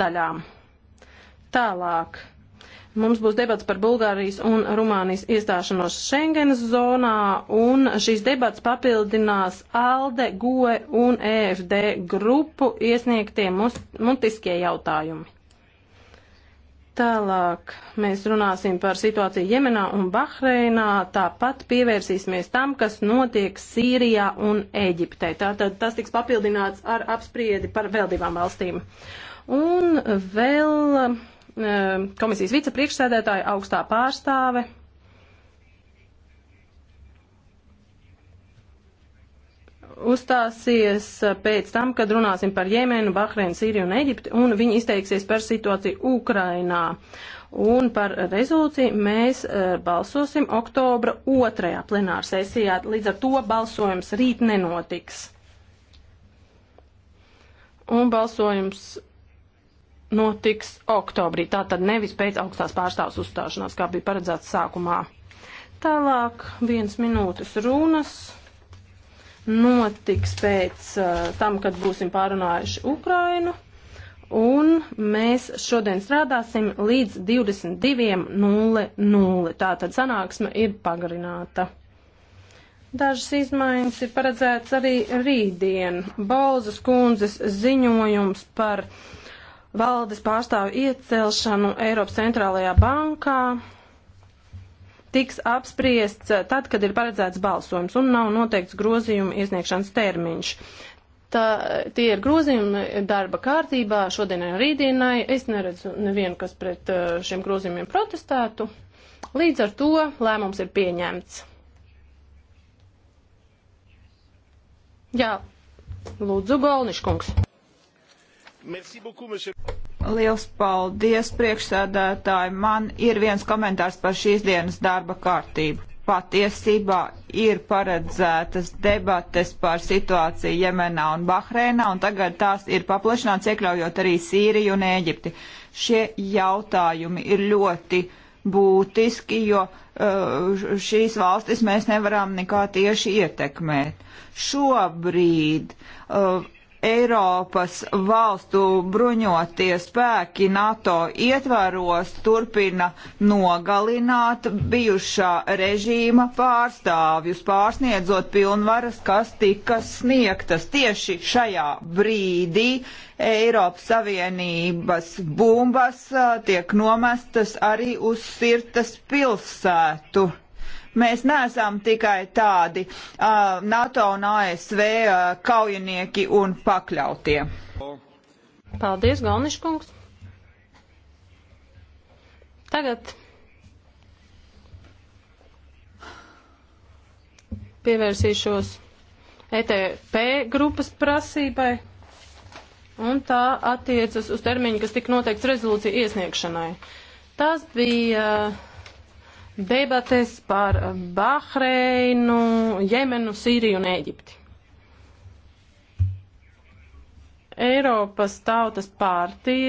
daļām. Tālāk. Mums būs debats par Bulgārijas un Rumānijas iestāšanos Schengenas zonā, un šīs debats papildinās ALDE, GOE un EFD grupu iesniegtie mutiskie jautājumi. Tālāk mēs runāsim par situāciju Jemenā un Bahreinā, tāpat pievērsīsimies tam, kas notiek Sīrijā un Eģiptē. Tātad tas tiks papildināts ar apspriedi par vēl divām valstīm. Un vēl eh, komisijas vicepriekšsēdētāja augstā pārstāve uzstāsies eh, pēc tam, kad runāsim par Jemenu, Bahreinu, Sīriju un Eģipti, un viņi izteiksies par situāciju Ukrainā. Un par rezolūciju mēs uh, balsosim oktobra otrajā plenāra sesijā, līdz ar to balsojums rīt nenotiks. Un balsojums notiks oktobrī, tātad nevis pēc augstās pārstāvs uzstāšanās, kā bija paredzēts sākumā. Tālāk viens minūtes runas notiks pēc uh, tam, kad būsim pārunājuši Ukrainu. Un mēs šodien strādāsim līdz 22.00. Tātad sanāksme ir pagarināta. Dažas izmaiņas ir paredzēts arī rītdien. Balzas kundzes ziņojums par valdes pārstāvu iecelšanu Eiropas centrālajā bankā tiks apspriests eh, tad, kad ir paredzēts balsojums un nav noteikts grozījumu iesniegšanas termiņš. Tā, tie ir grozījumi darba kārtībā šodienai un rītdienai. Es neredzu nevienu, kas pret eh, šiem grozījumiem protestētu. Līdz ar to lēmums ir pieņemts. Jā, lūdzu, Golniškungs. Merci beaucoup, monsieur. Liels paldies, priekšsēdētāji. Man ir viens komentārs par šīs dienas darba kārtību. Patiesībā ir paredzētas debates par situāciju Jemenā un Bahreinā, un tagad tās ir paplašināts, iekļaujot arī Sīriju un Ēģipti. Šie jautājumi ir ļoti būtiski, jo uh, šīs valstis mēs nevaram nekā tieši ietekmēt. Šobrīd uh, Eiropas valstu bruņotie spēki NATO ietvaros turpina nogalināt bijušā režīma pārstāvjus, pārsniedzot pilnvaras, kas tika sniegtas tieši šajā brīdī. Eiropas Savienības bumbas uh, tiek nomestas arī uz sirtas pilsētu. Mēs neesam tikai tādi uh, NATO un ASV uh, kaujinieki un pakļautie. Paldies, Galniškungs. Tagad pievērsīšos ETP grupas prasībai, un tā attiecas uz termiņu, kas tika noteikts rezolūcija iesniegšanai. Tas bija uh, debates par Bahreinu, Jemenu, Sīriju un Ēģipti. Eiropas tautas partija